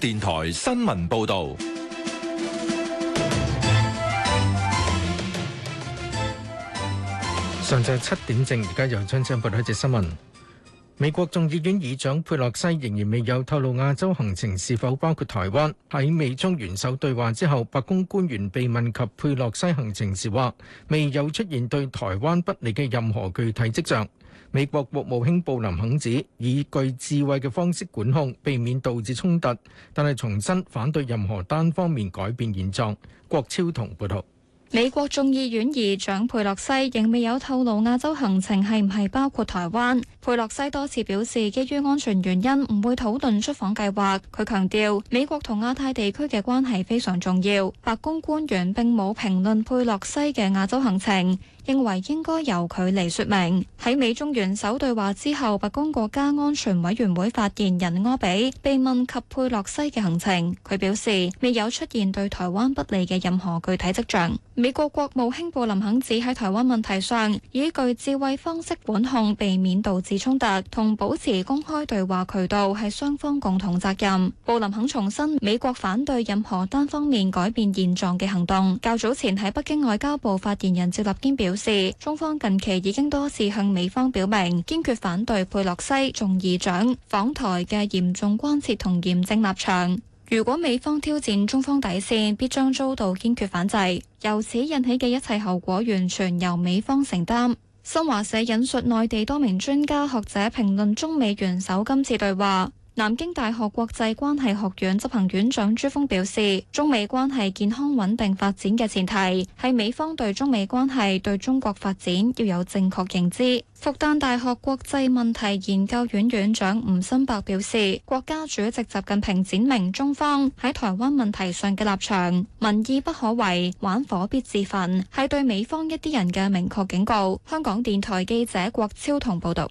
電台新聞報道，上晝七點正，而家由張生報道一節新聞。美國眾議院議長佩洛西仍然未有透露亞洲行程是否包括台灣。喺美中元首對話之後，白宮官員被問及佩洛西行程時，話未有出現對台灣不利嘅任何具體跡象。美國國務卿布林肯指以具智慧嘅方式管控，避免導致衝突，但係重申反對任何單方面改變現狀。郭超同報道。美國眾議院議長佩洛西仍未有透露亞洲行程係唔係包括台灣？佩洛西多次表示，基於安全原因唔會討論出訪計劃。佢強調，美國同亞太地區嘅關係非常重要。白宮官員並冇評論佩洛西嘅亞洲行程，認為應該由佢嚟說明。喺美中元首對話之後，白宮國家安全委員會發言人柯比被問及佩洛西嘅行程，佢表示未有出現對台灣不利嘅任何具體跡象。美國國務卿布林肯指喺台灣問題上，以具智慧方式管控，避免導致衝突，同保持公開對話渠道，係雙方共同責任。布林肯重申，美國反對任何單方面改變現狀嘅行動。較早前喺北京，外交部發言人趙立堅表示，中方近期已經多次向美方表明，堅決反對佩洛西眾議長訪台嘅嚴重關切同嚴正立場。如果美方挑戰中方底線，必將遭到堅決反制。由此引起嘅一切後果，完全由美方承擔。新華社引述內地多名專家學者評論中美元首今次對話。南京大學國際關係學院執行院長朱峰表示，中美關係健康穩定發展嘅前提係美方對中美關係對中國發展要有正確認知。復旦大學國際問題研究院院長吳新伯表示，國家主席習近平展明中方喺台灣問題上嘅立場：民意不可違，玩火必自焚，係對美方一啲人嘅明確警告。香港電台記者郭超同報道。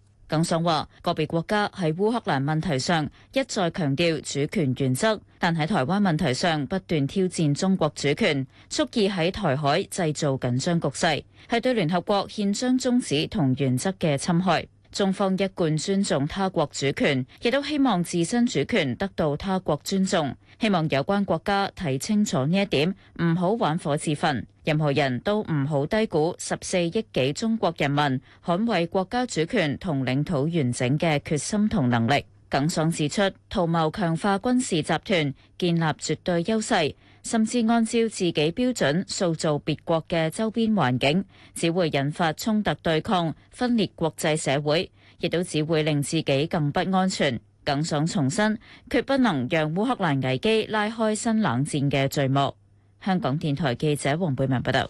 耿爽話，個別國家喺烏克蘭問題上一再強調主權原則，但喺台灣問題上不斷挑戰中國主權，蓄意喺台海製造緊張局勢，係對聯合國憲章宗旨同原則嘅侵害。中方一貫尊重他國主權，亦都希望自身主權得到他國尊重。希望有關國家睇清楚呢一點，唔好玩火自焚。任何人都唔好低估十四億幾中國人民捍衛國家主權同領土完整嘅決心同能力。耿爽指出，圖謀強化軍事集團，建立絕對優勢。甚至按照自己標準塑造別國嘅周邊環境，只會引發衝突對抗、分裂國際社會，亦都只會令自己更不安全、更想重申，決不能讓烏克蘭危機拉開新冷戰嘅序幕。香港電台記者黃貝文報道。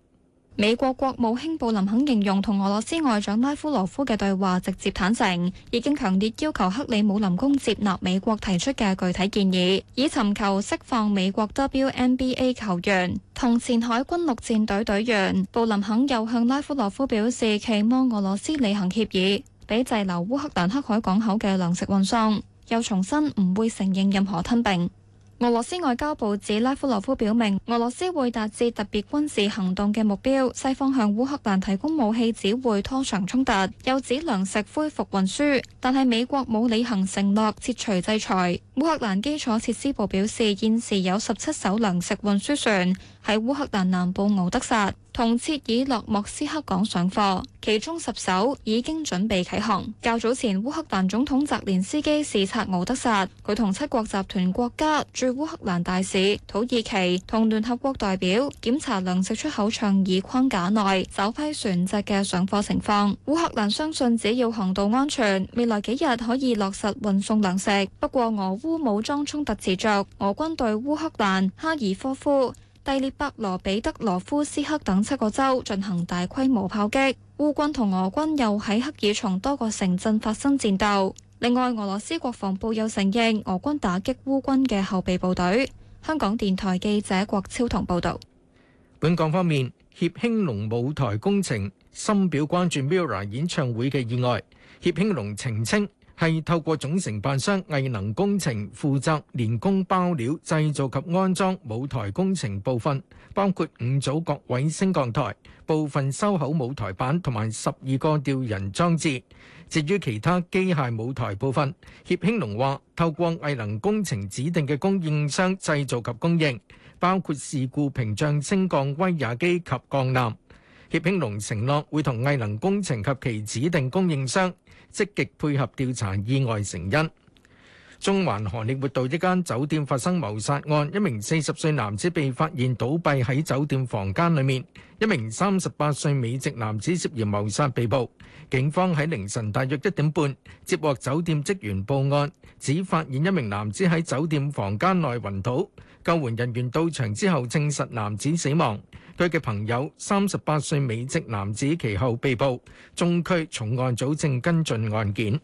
美國國務卿布林肯形容同俄羅斯外長拉夫羅夫嘅對話直接坦誠，已經強烈要求克里姆林宮接納美國提出嘅具體建議，以尋求釋放美國 WNBA 球員同前海軍陸戰隊隊員。布林肯又向拉夫羅夫表示期望俄羅斯履行協議，俾滯留烏克蘭黑海港口嘅糧食運送，又重申唔會承認任何吞並。俄羅斯外交部指拉夫羅夫表明，俄羅斯會達至特別軍事行動嘅目標，西方向烏克蘭提供武器只會拖長衝突，又指糧食恢復運輸，但係美國冇履行承諾，撤除制裁。烏克蘭基礎設施部表示，現時有十七艘糧食運輸船喺烏克蘭南部敖德薩同切爾諾莫斯克港上貨，其中十艘已經準備啟航。較早前，烏克蘭總統澤連斯基視察敖德薩，佢同七國集團國家駐烏克蘭大使、土耳其同聯合國代表檢查糧食出口倡議框架內首批船隻嘅上貨情況。烏克蘭相信只要航道安全，未來幾日可以落實運送糧食。不過，俄烏烏武裝衝突持續，俄軍對烏克蘭哈爾科夫、第聶伯羅彼得羅夫斯克等七個州進行大規模炮擊，烏軍同俄軍又喺克爾松多個城鎮發生戰鬥。另外，俄羅斯國防部又承認俄軍打擊烏軍嘅後備部隊。香港電台記者郭超同報道。本港方面，協興隆舞台工程深表關注 MIRROR 演唱會嘅意外。協興隆澄清,清。係透過總承辦商藝能工程負責連工包料製造及安裝舞台工程部分，包括五組各位升降台、部分收口舞台板同埋十二個吊人裝置。至於其他機械舞台部分，協興隆話透過藝能工程指定嘅供應商製造及供應，包括事故屏障升降威亞機及降纜。協興隆承諾會同藝能工程及其指定供應商積極配合調查意外成因。中環荷李活道一間酒店發生謀殺案，一名四十歲男子被發現倒斃喺酒店房間裏面。一名三十八歲美籍男子涉嫌謀殺被捕。警方喺凌晨大約一點半接獲酒店職員報案，只發現一名男子喺酒店房間內暈倒。救援人員到場之後證實男子死亡。佢嘅朋友三十八歲美籍男子其後被捕。中區重案組正跟進案件。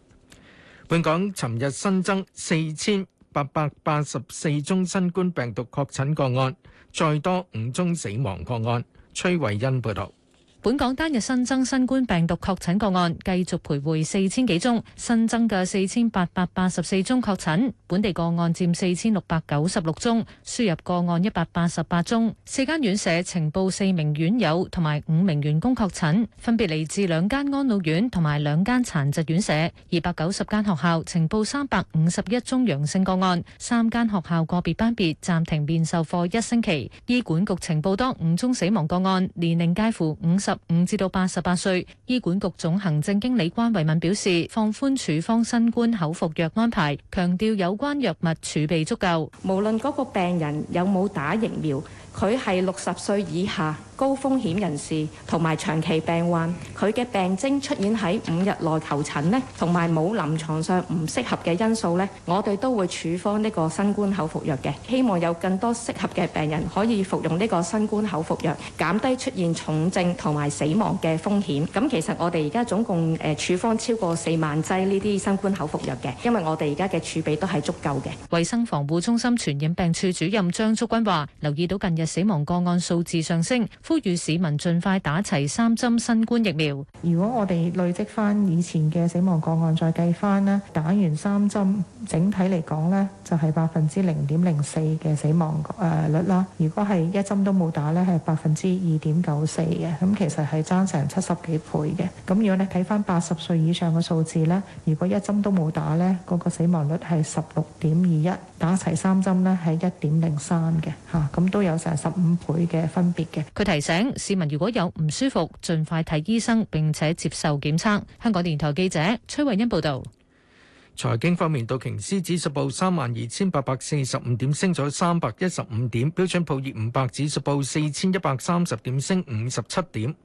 本港尋日新增四千八百八十四宗新冠病毒確診個案，再多五宗死亡個案。崔慧欣報道。本港單日新增新冠病毒確診個案繼續徘徊四千幾宗，新增嘅四千八百八十四宗確診，本地個案佔四千六百九十六宗，輸入個案一百八十八宗。四間院舍呈報四名院友同埋五名員工確診，分別嚟自兩間安老院同埋兩間殘疾院舍。二百九十間學校呈報三百五十一宗陽性個案，三間學校個別班別暫停面授課一星期。醫管局呈報多五宗死亡個案，年齡介乎五十。五至到八十八歲，醫管局總行政經理關慧敏表示，放寬處方新冠口服藥安排，強調有關藥物儲備足夠。無論嗰個病人有冇打疫苗，佢係六十歲以下，高風險人士同埋長期病患，佢嘅病徵出現喺五日內求診呢，同埋冇臨床上唔適合嘅因素呢，我哋都會處方呢個新冠口服藥嘅。希望有更多適合嘅病人可以服用呢個新冠口服藥，減低出現重症同埋死亡嘅風險。咁其實我哋而家總共誒處方超過四萬劑呢啲新冠口服藥嘅，因為我哋而家嘅儲備都係足夠嘅。衛生防護中心傳染病處主任張竹君話：留意到近日死亡個案數字上升。呼籲市民盡快打齊三針新冠疫苗。如果我哋累積翻以前嘅死亡個案再計翻咧，打完三針，整體嚟講呢就係百分之零點零四嘅死亡誒率啦。如果係一針都冇打呢係百分之二點九四嘅，咁其實係爭成七十幾倍嘅。咁如果你睇翻八十歲以上嘅數字呢，如果一針都冇打呢嗰、嗰個死亡率係十六點二一。打齊三針呢係一點零三嘅嚇，咁都有成十五倍嘅分別嘅。佢提醒市民如果有唔舒服，盡快睇醫生並且接受檢測。香港電台記者崔慧欣報道。財經方面，道瓊斯指數報三萬二千八百四十五點，升咗三百一十五點；標準普爾五百指數報四千一百三十點，升五十七點。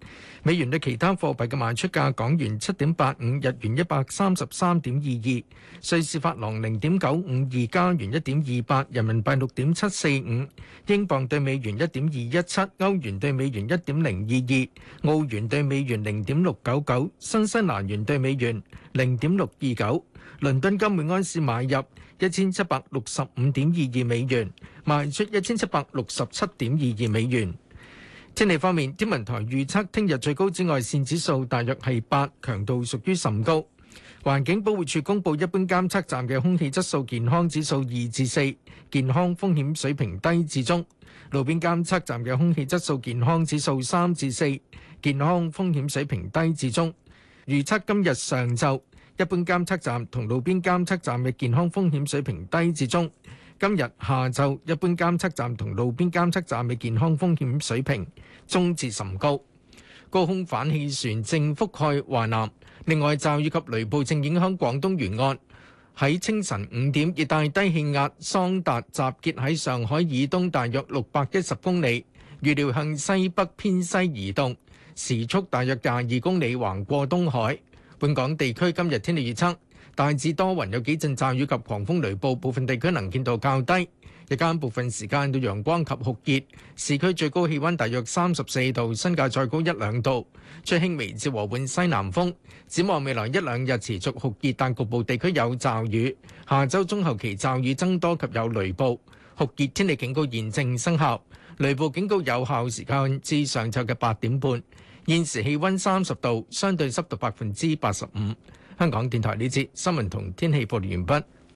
美元對其他貨幣嘅賣出價：港元七點八五，日元一百三十三點二二，瑞士法郎零點九五二，加元一點二八，人民幣六點七四五，英鎊對美元一點二一七，歐元對美元一點零二二，澳元對美元零點六九九，新西蘭元對美元零點六二九。倫敦金每安士買入一千七百六十五點二二美元，賣出一千七百六十七點二二美元。天氣方面，天文台預測聽日最高紫外線指數大約係八，強度屬於甚高。環境保護署公布一般監測站嘅空氣質素健康指數二至四，健康風險水平低至中。路邊監測站嘅空氣質素健康指數三至四，健康風險水平低至中。預測今日上晝，一般監測站同路邊監測站嘅健康風險水平低至中。今日下晝，一般監測站同路邊監測站嘅健康風險水平中至甚高。高空反氣旋正覆蓋華南，另外驟雨及雷暴正影響廣東沿岸。喺清晨五點，熱帶低氣壓桑達集結喺上海以東大約六百一十公里，預料向西北偏西移動，時速大約廿二公里，橫過東海。本港地區今日天氣預測，大致多雲，有幾陣驟雨及狂風雷暴，部分地區能見度較低。日間部分時間到陽光及酷熱，市區最高氣温大約三十四度，新界再高一兩度。吹輕微至和緩西南風。展望未來一兩日持續酷熱，但局部地區有驟雨。下週中後期驟雨增多及有雷暴。酷熱天氣警告現正生效，雷暴警告有效時間至上晝嘅八點半。現時氣溫三十度，相對濕度百分之八十五。香港電台呢節新聞同天氣報道完畢。